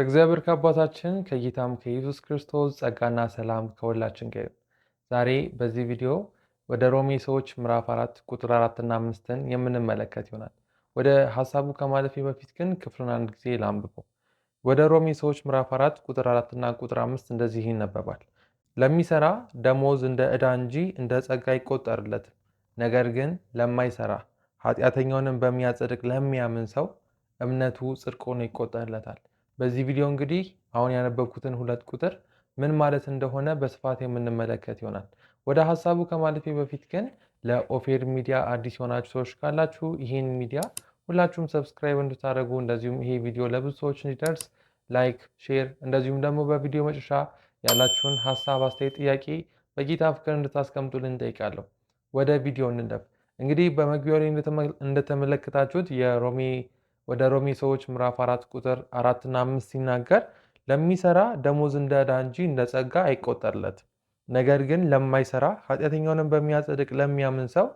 ከእግዚአብሔር ከአባታችን ከጌታም ከኢየሱስ ክርስቶስ ጸጋና ሰላም ከሁላችን ጋር ዛሬ በዚህ ቪዲዮ ወደ ሮሜ ሰዎች ምዕራፍ አራት ቁጥር አራትና አምስትን የምንመለከት ይሆናል። ወደ ሀሳቡ ከማለፌ በፊት ግን ክፍሉን አንድ ጊዜ ላንብበው። ወደ ሮሜ ሰዎች ምዕራፍ አራት ቁጥር አራትና ቁጥር አምስት እንደዚህ ይነበባል። ለሚሰራ ደሞዝ እንደ ዕዳ እንጂ እንደ ጸጋ አይቆጠርለትም። ነገር ግን ለማይሰራ ኃጢአተኛውንም በሚያጸድቅ ለሚያምን ሰው እምነቱ ጽድቅ ሆኖ ይቆጠርለታል። በዚህ ቪዲዮ እንግዲህ አሁን ያነበብኩትን ሁለት ቁጥር ምን ማለት እንደሆነ በስፋት የምንመለከት ይሆናል። ወደ ሀሳቡ ከማለፌ በፊት ግን ለኦፌር ሚዲያ አዲስ የሆናችሁ ሰዎች ካላችሁ ይህን ሚዲያ ሁላችሁም ሰብስክራይብ እንድታደርጉ እንደዚሁም ይሄ ቪዲዮ ለብዙ ሰዎች እንዲደርስ ላይክ፣ ሼር እንደዚሁም ደግሞ በቪዲዮ መጨረሻ ያላችሁን ሀሳብ፣ አስተያየት፣ ጥያቄ በጌታ ፍቅር እንድታስቀምጡልን እንጠይቃለሁ። ወደ ቪዲዮ እንለፍ። እንግዲህ በመግቢያው ላይ እንደተመለከታችሁት የሮሜ ወደ ሮሜ ሰዎች ምዕራፍ አራት ቁጥር አራትና አምስት ሲናገር ለሚሰራ ደሞዝ እንደ ዕዳ እንጂ እንደ ጸጋ አይቆጠርለት። ነገር ግን ለማይሰራ ኃጢአተኛውንም በሚያጸድቅ ለሚያምን ሰው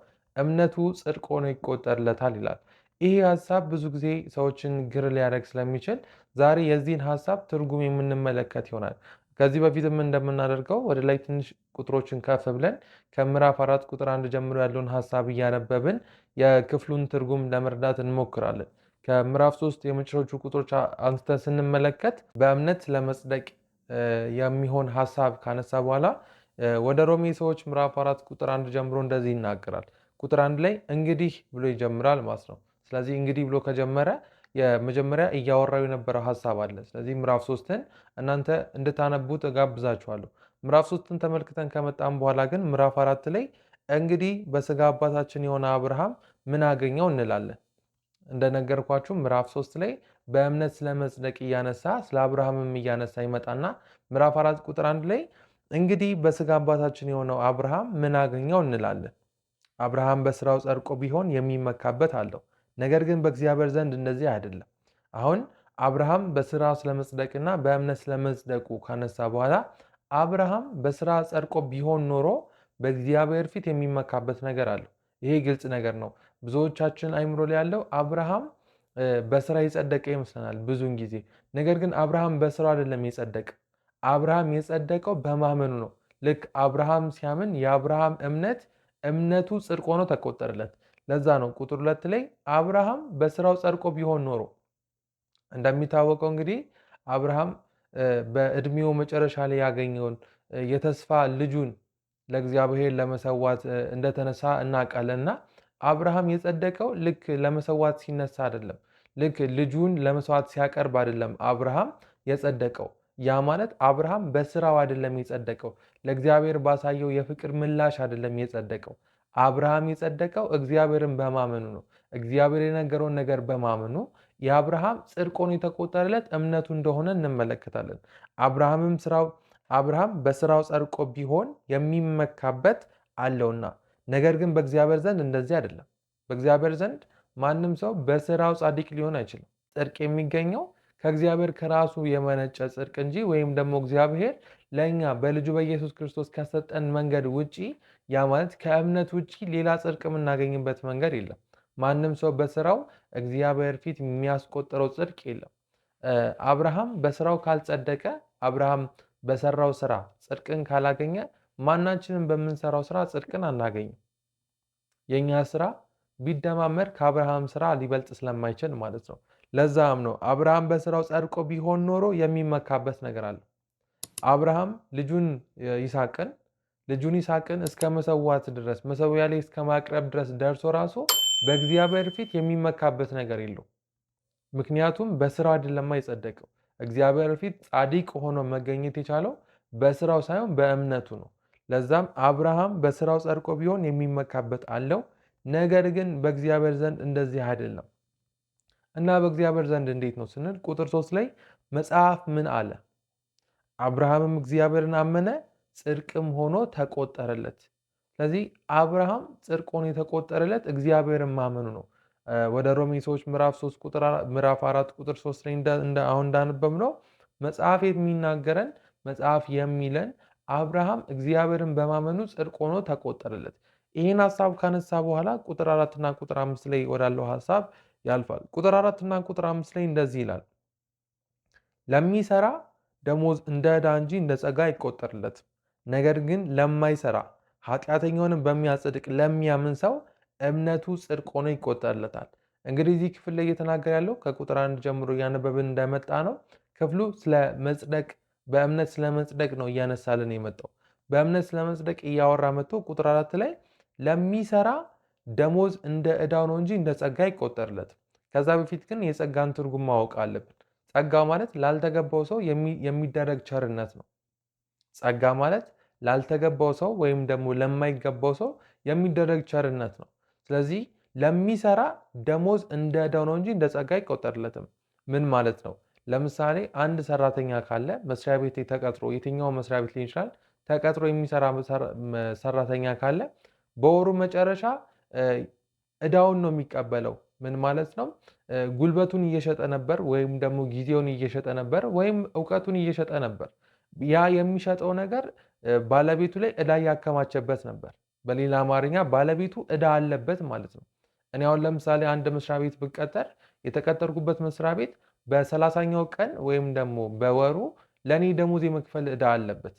እምነቱ ጽድቅ ሆኖ ይቆጠርለታል ይላል። ይህ ሀሳብ ብዙ ጊዜ ሰዎችን ግር ሊያደርግ ስለሚችል ዛሬ የዚህን ሀሳብ ትርጉም የምንመለከት ይሆናል። ከዚህ በፊትም እንደምናደርገው ወደ ላይ ትንሽ ቁጥሮችን ከፍ ብለን ከምዕራፍ አራት ቁጥር አንድ ጀምሮ ያለውን ሀሳብ እያነበብን የክፍሉን ትርጉም ለመርዳት እንሞክራለን። ከምዕራፍ 3 የመጨረሻዎቹ ቁጥሮች አንስተን ስንመለከት በእምነት ለመጽደቅ የሚሆን ሀሳብ ካነሳ በኋላ ወደ ሮሜ ሰዎች ምዕራፍ 4 ቁጥር አንድ ጀምሮ እንደዚህ ይናገራል። ቁጥር አንድ ላይ እንግዲህ ብሎ ይጀምራል ማለት ነው። ስለዚህ እንግዲህ ብሎ ከጀመረ የመጀመሪያ እያወራው የነበረው ሀሳብ አለ። ስለዚህ ምዕራፍ ሶስትን እናንተ እንድታነቡት እጋብዛችኋለሁ። ምዕራፍ ሶስትን ተመልክተን ከመጣም በኋላ ግን ምዕራፍ አራት ላይ እንግዲህ በስጋ አባታችን የሆነ አብርሃም ምን አገኘው እንላለን እንደነገርኳችሁ ምዕራፍ ሶስት ላይ በእምነት ስለ መጽደቅ እያነሳ ስለ አብርሃምም እያነሳ ይመጣና ምዕራፍ አራት ቁጥር አንድ ላይ እንግዲህ በስጋ አባታችን የሆነው አብርሃም ምን አገኘው እንላለን። አብርሃም በስራው ጸድቆ ቢሆን የሚመካበት አለው። ነገር ግን በእግዚአብሔር ዘንድ እንደዚህ አይደለም። አሁን አብርሃም በስራ ስለመጽደቅና በእምነት ስለመጽደቁ ካነሳ በኋላ አብርሃም በስራ ጸድቆ ቢሆን ኖሮ በእግዚአብሔር ፊት የሚመካበት ነገር አለው። ይሄ ግልጽ ነገር ነው። ብዙዎቻችን አይምሮ ላይ ያለው አብርሃም በስራ የጸደቀ ይመስለናል ብዙውን ጊዜ። ነገር ግን አብርሃም በስራው አይደለም የጸደቀ። አብርሃም የጸደቀው በማመኑ ነው። ልክ አብርሃም ሲያምን የአብርሃም እምነት እምነቱ ጽድቅ ሆኖ ተቆጠረለት። ለዛ ነው ቁጥር ሁለት ላይ አብርሃም በስራው ጸድቆ ቢሆን ኖሮ። እንደሚታወቀው እንግዲህ አብርሃም በእድሜው መጨረሻ ላይ ያገኘውን የተስፋ ልጁን ለእግዚአብሔር ለመሰዋት እንደተነሳ እናውቃለን እና አብርሃም የጸደቀው ልክ ለመሰዋት ሲነሳ አይደለም። ልክ ልጁን ለመሰዋት ሲያቀርብ አይደለም አብርሃም የጸደቀው። ያ ማለት አብርሃም በስራው አይደለም የጸደቀው፣ ለእግዚአብሔር ባሳየው የፍቅር ምላሽ አይደለም የጸደቀው። አብርሃም የጸደቀው እግዚአብሔርን በማመኑ ነው። እግዚአብሔር የነገረውን ነገር በማመኑ የአብርሃም ጽድቆን የተቆጠረለት እምነቱ እንደሆነ እንመለከታለን። አብርሃምም ስራው አብርሃም በስራው ጸድቆ ቢሆን የሚመካበት አለውና ነገር ግን በእግዚአብሔር ዘንድ እንደዚህ አይደለም። በእግዚአብሔር ዘንድ ማንም ሰው በስራው ጻድቅ ሊሆን አይችልም። ጽድቅ የሚገኘው ከእግዚአብሔር ከራሱ የመነጨ ጽድቅ እንጂ ወይም ደግሞ እግዚአብሔር ለእኛ በልጁ በኢየሱስ ክርስቶስ ከሰጠን መንገድ ውጪ ያ ማለት ከእምነት ውጪ ሌላ ጽድቅ የምናገኝበት መንገድ የለም። ማንም ሰው በስራው እግዚአብሔር ፊት የሚያስቆጥረው ጽድቅ የለም። አብርሃም በስራው ካልጸደቀ፣ አብርሃም በሰራው ስራ ጽድቅን ካላገኘ ማናችንም በምንሰራው ስራ ጽድቅን አናገኝም። የእኛ ስራ ቢደማመር ከአብርሃም ስራ ሊበልጥ ስለማይችል ማለት ነው። ለዛም ነው አብርሃም በስራው ጸድቆ ቢሆን ኖሮ የሚመካበት ነገር አለ። አብርሃም ልጁን ይስሐቅን ልጁን ይስሐቅን እስከ መሰዋት ድረስ መሰዊያ ላይ እስከ ማቅረብ ድረስ ደርሶ ራሱ በእግዚአብሔር ፊት የሚመካበት ነገር የለው። ምክንያቱም በስራ አይደለም የጸደቀው። እግዚአብሔር ፊት ጻድቅ ሆኖ መገኘት የቻለው በስራው ሳይሆን በእምነቱ ነው። ለዛም አብርሃም በስራው ጸድቆ ቢሆን የሚመካበት አለው። ነገር ግን በእግዚአብሔር ዘንድ እንደዚህ አይደል ነው እና በእግዚአብሔር ዘንድ እንዴት ነው ስንል ቁጥር ሶስት ላይ መጽሐፍ ምን አለ? አብርሃምም እግዚአብሔርን አመነ ጽድቅም ሆኖ ተቆጠረለት። ስለዚህ አብርሃም ጽድቅ ሆኖ የተቆጠረለት እግዚአብሔርን ማመኑ ነው። ወደ ሮሜ ሰዎች ምዕራፍ አራት ቁጥር ሶስት ላይ አሁን እንዳነበብ ነው መጽሐፍ የሚናገረን መጽሐፍ የሚለን አብርሃም እግዚአብሔርን በማመኑ ጽድቅ ሆኖ ተቆጠረለት። ይህን ሀሳብ ካነሳ በኋላ ቁጥር አራትና ቁጥር አምስት ላይ ወዳለው ሀሳብ ያልፋል። ቁጥር አራትና ቁጥር አምስት ላይ እንደዚህ ይላል፣ ለሚሰራ ደሞዝ እንደ ዕዳ እንጂ እንደ ጸጋ አይቆጠርለትም። ነገር ግን ለማይሰራ ኃጢአተኛውንም በሚያጸድቅ ለሚያምን ሰው እምነቱ ጽድቅ ሆኖ ይቆጠርለታል። እንግዲህ እዚህ ክፍል ላይ እየተናገረ ያለው ከቁጥር አንድ ጀምሮ እያነበብን እንደመጣ ነው። ክፍሉ ስለ መጽደቅ በእምነት ስለመጽደቅ ነው እያነሳልን የመጣው። በእምነት ስለመጽደቅ እያወራ መጥቶ ቁጥር አራት ላይ ለሚሰራ ደሞዝ እንደ ዕዳው ነው እንጂ እንደ ጸጋ አይቆጠርለትም። ከዛ በፊት ግን የጸጋን ትርጉም ማወቅ አለብን። ጸጋ ማለት ላልተገባው ሰው የሚደረግ ቸርነት ነው። ጸጋ ማለት ላልተገባው ሰው ወይም ደግሞ ለማይገባው ሰው የሚደረግ ቸርነት ነው። ስለዚህ ለሚሰራ ደሞዝ እንደ ዕዳው ነው እንጂ እንደ ጸጋ አይቆጠርለትም። ምን ማለት ነው? ለምሳሌ አንድ ሰራተኛ ካለ መስሪያ ቤት ተቀጥሮ የትኛው መስሪያ ቤት ሊሆን ይችላል ተቀጥሮ የሚሰራ ሰራተኛ ካለ በወሩ መጨረሻ እዳውን ነው የሚቀበለው። ምን ማለት ነው? ጉልበቱን እየሸጠ ነበር፣ ወይም ደግሞ ጊዜውን እየሸጠ ነበር፣ ወይም እውቀቱን እየሸጠ ነበር። ያ የሚሸጠው ነገር ባለቤቱ ላይ እዳ እያከማቸበት ነበር። በሌላ አማርኛ ባለቤቱ እዳ አለበት ማለት ነው። እኔ አሁን ለምሳሌ አንድ መስሪያ ቤት ብቀጠር የተቀጠርኩበት መስሪያ ቤት በሰላሳኛው ቀን ወይም ደግሞ በወሩ ለእኔ ደሞዝ የመክፈል እዳ አለበት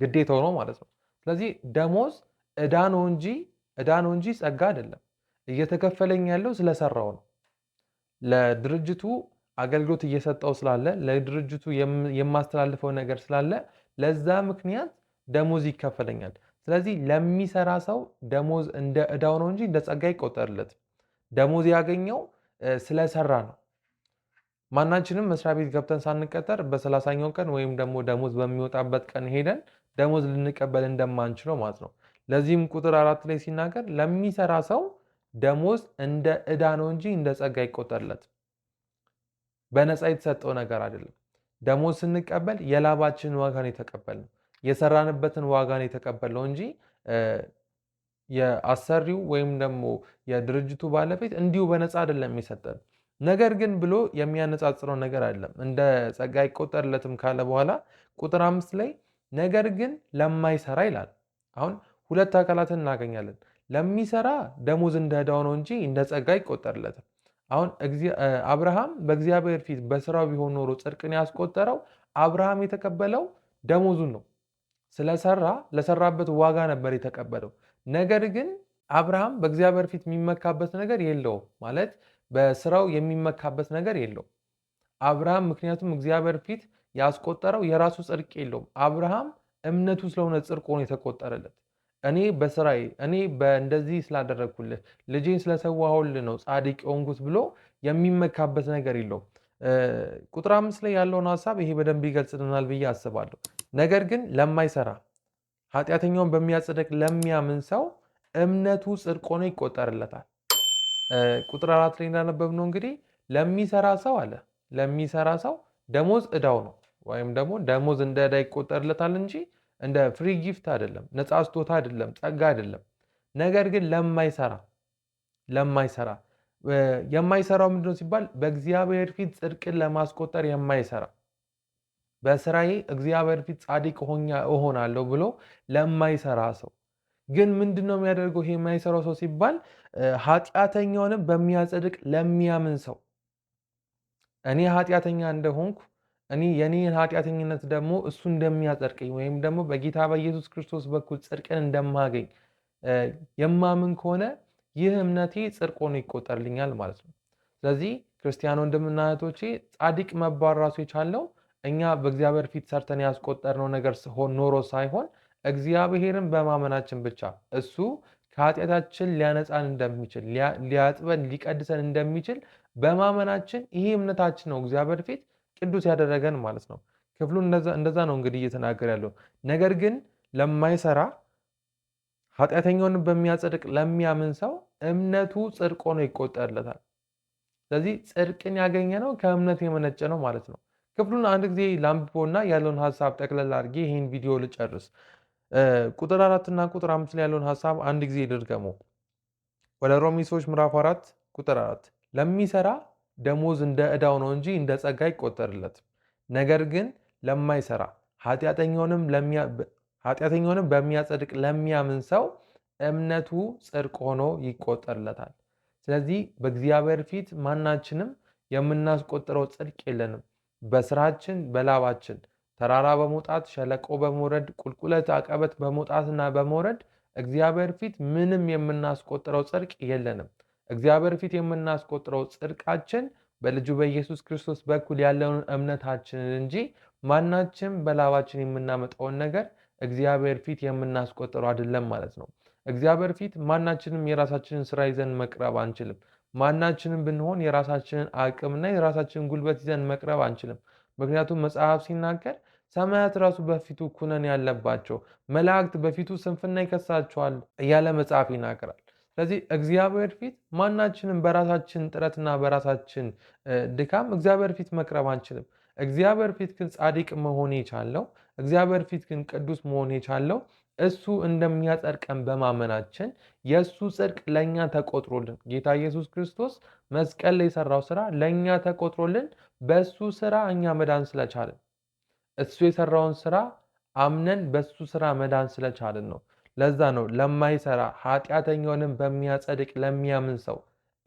ግዴታው ነው ማለት ነው። ስለዚህ ደሞዝ እዳ ነው እንጂ እዳ ነው እንጂ ጸጋ አይደለም። እየተከፈለኝ ያለው ስለሰራው ነው። ለድርጅቱ አገልግሎት እየሰጠው ስላለ ለድርጅቱ የማስተላልፈው ነገር ስላለ ለዛ ምክንያት ደሞዝ ይከፈለኛል። ስለዚህ ለሚሰራ ሰው ደሞዝ እንደ እዳው ነው እንጂ እንደ ጸጋ ይቆጠርለት። ደሞዝ ያገኘው ስለሰራ ነው። ማናችንም መስሪያ ቤት ገብተን ሳንቀጠር በሰላሳኛው ቀን ወይም ደግሞ ደሞዝ በሚወጣበት ቀን ሄደን ደሞዝ ልንቀበል እንደማንችለው ማለት ነው። ለዚህም ቁጥር አራት ላይ ሲናገር ለሚሰራ ሰው ደሞዝ እንደ እዳ ነው እንጂ እንደ ጸጋ ይቆጠርለት፣ በነፃ የተሰጠው ነገር አይደለም። ደሞዝ ስንቀበል የላባችንን ዋጋ ነው የተቀበልነው፣ የሰራንበትን ዋጋ ነው የተቀበልነው እንጂ የአሰሪው ወይም ደግሞ የድርጅቱ ባለቤት እንዲሁ በነፃ አይደለም የሚሰጠን። ነገር ግን ብሎ የሚያነጻጽረው ነገር አይደለም። እንደ ጸጋ አይቆጠርለትም ካለ በኋላ ቁጥር አምስት ላይ ነገር ግን ለማይሰራ ይላል። አሁን ሁለት አካላትን እናገኛለን። ለሚሰራ ደሞዝ እንደ ዕዳው ነው እንጂ እንደ ጸጋ አይቆጠርለትም። አሁን አብርሃም በእግዚአብሔር ፊት በስራው ቢሆን ኖሮ ጽድቅን ያስቆጠረው አብርሃም የተቀበለው ደሞዙን ነው። ስለሰራ ለሰራበት ዋጋ ነበር የተቀበለው። ነገር ግን አብርሃም በእግዚአብሔር ፊት የሚመካበት ነገር የለውም ማለት በስራው የሚመካበት ነገር የለውም። አብርሃም ምክንያቱም እግዚአብሔር ፊት ያስቆጠረው የራሱ ጽድቅ የለውም። አብርሃም እምነቱ ስለሆነ ጽድቅ ሆኖ የተቆጠረለት እኔ በስራዬ እኔ በእንደዚህ ስላደረግኩልህ ልጄን ስለሰዋሁልህ ነው ጻድቅ የሆንኩት ብሎ የሚመካበት ነገር የለውም። ቁጥር አምስት ላይ ያለውን ሀሳብ ይሄ በደንብ ይገልጽልናል ብዬ አስባለሁ። ነገር ግን ለማይሰራ ኃጢአተኛውን በሚያጽደቅ ለሚያምን ሰው እምነቱ ጽድቅ ሆኖ ይቆጠርለታል። ቁጥር አራት ላይ እንዳነበብ ነው እንግዲህ ለሚሰራ ሰው አለ ለሚሰራ ሰው ደሞዝ እዳው ነው ወይም ደግሞ ደሞዝ እንደ እዳ ይቆጠርለታል እንጂ እንደ ፍሪ ጊፍት አይደለም፣ ነፃ ስጦታ አይደለም፣ ጸጋ አይደለም። ነገር ግን ለማይሰራ ለማይሰራ የማይሰራው ምንድነው ሲባል በእግዚአብሔር ፊት ጽድቅን ለማስቆጠር የማይሰራ በስራዬ እግዚአብሔር ፊት ጻድቅ እሆናለሁ ብሎ ለማይሰራ ሰው ግን ምንድን ነው የሚያደርገው? ይሄ የማይሰራው ሰው ሲባል ኃጢአተኛውንም በሚያጸድቅ ለሚያምን ሰው እኔ ኃጢአተኛ እንደሆንኩ እኔ የኔን ኃጢአተኝነት ደግሞ እሱ እንደሚያጸድቀኝ ወይም ደግሞ በጌታ በኢየሱስ ክርስቶስ በኩል ጽድቅን እንደማገኝ የማምን ከሆነ ይህ እምነቴ ጽድቅ ሆኖ ይቆጠርልኛል ማለት ነው። ስለዚህ ክርስቲያን ወንድምና እህቶቼ ጻድቅ መባል ራሱ የቻለው እኛ በእግዚአብሔር ፊት ሰርተን ያስቆጠርነው ነገር ኖሮ ሳይሆን እግዚአብሔርን በማመናችን ብቻ እሱ ከኃጢአታችን ሊያነፃን እንደሚችል ሊያጥበን ሊቀድሰን እንደሚችል በማመናችን ይሄ እምነታችን ነው እግዚአብሔር ፊት ቅዱስ ያደረገን ማለት ነው። ክፍሉ እንደዛ ነው እንግዲህ እየተናገር ያለው ነገር ግን ለማይሰራ ኃጢአተኛውን በሚያጸድቅ ለሚያምን ሰው እምነቱ ጽድቅ ሆኖ ይቆጠርለታል። ስለዚህ ጽድቅን ያገኘ ነው ከእምነት የመነጨ ነው ማለት ነው። ክፍሉን አንድ ጊዜ ላንብቦና ያለውን ሀሳብ ጠቅለል አድርጌ ይህን ቪዲዮ ልጨርስ። ቁጥር አራት እና ቁጥር አምስት ላይ ያለውን ሀሳብ አንድ ጊዜ ድርገሙ። ወደ ሮሚ ሰዎች ምዕራፍ አራት ቁጥር አራት ለሚሰራ ደሞዝ እንደ ዕዳው ነው እንጂ እንደ ጸጋ ይቆጠርለት። ነገር ግን ለማይሰራ ኃጢአተኛውንም በሚያጸድቅ ለሚያምን ሰው እምነቱ ጽድቅ ሆኖ ይቆጠርለታል። ስለዚህ በእግዚአብሔር ፊት ማናችንም የምናስቆጥረው ጽድቅ የለንም። በስራችን በላባችን ተራራ በመውጣት ሸለቆ በመውረድ ቁልቁለት አቀበት በመውጣትና በመውረድ እግዚአብሔር ፊት ምንም የምናስቆጥረው ጽድቅ የለንም። እግዚአብሔር ፊት የምናስቆጥረው ጽድቃችን በልጁ በኢየሱስ ክርስቶስ በኩል ያለውን እምነታችንን እንጂ ማናችን በላባችን የምናመጣውን ነገር እግዚአብሔር ፊት የምናስቆጥረው አይደለም ማለት ነው። እግዚአብሔር ፊት ማናችንም የራሳችንን ስራ ይዘን መቅረብ አንችልም። ማናችንም ብንሆን የራሳችንን አቅምና የራሳችንን ጉልበት ይዘን መቅረብ አንችልም። ምክንያቱም መጽሐፍ ሲናገር ሰማያት ራሱ በፊቱ ኩነን ያለባቸው መላእክት በፊቱ ስንፍና ይከሳቸዋል እያለ መጽሐፍ ይናገራል። ስለዚህ እግዚአብሔር ፊት ማናችንም በራሳችን ጥረትና በራሳችን ድካም እግዚአብሔር ፊት መቅረብ አንችልም። እግዚአብሔር ፊት ግን ጻድቅ መሆን የቻለው እግዚአብሔር ፊት ግን ቅዱስ መሆን የቻለው እሱ እንደሚያጸድቀን በማመናችን የእሱ ጽድቅ ለእኛ ተቆጥሮልን ጌታ ኢየሱስ ክርስቶስ መስቀል ላይ የሰራው ስራ ለእኛ ተቆጥሮልን በእሱ ስራ እኛ መዳን ስለቻለን እሱ የሰራውን ስራ አምነን በሱ ስራ መዳን ስለቻልን ነው። ለዛ ነው ለማይሰራ ኃጢአተኛውንም በሚያጸድቅ ለሚያምን ሰው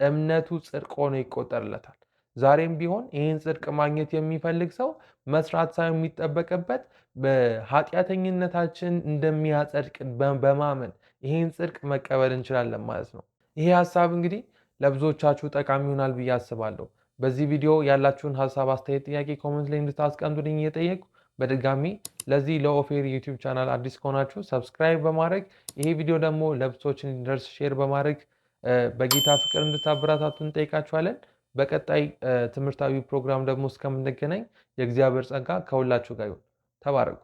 እምነቱ ጽድቅ ሆኖ ይቆጠርለታል። ዛሬም ቢሆን ይህን ጽድቅ ማግኘት የሚፈልግ ሰው መስራት ሳይሆን የሚጠበቅበት በኃጢአተኝነታችን እንደሚያጸድቅ በማመን ይህን ጽድቅ መቀበል እንችላለን ማለት ነው። ይሄ ሀሳብ እንግዲህ ለብዙዎቻችሁ ጠቃሚ ይሆናል ብዬ አስባለሁ። በዚህ ቪዲዮ ያላችሁን ሀሳብ፣ አስተያየት፣ ጥያቄ ኮመንት ላይ እንድታስቀምጡልኝ እየጠየቁ በድጋሚ ለዚህ ለኦፌር ዩቲዩብ ቻናል አዲስ ከሆናችሁ ሰብስክራይብ በማድረግ ይሄ ቪዲዮ ደግሞ ለብሶች እንዲደርስ ሼር በማድረግ በጌታ ፍቅር እንድታበረታቱ እንጠይቃችኋለን። በቀጣይ ትምህርታዊ ፕሮግራም ደግሞ እስከምንገናኝ የእግዚአብሔር ጸጋ ከሁላችሁ ጋር ይሁን። ተባረኩ።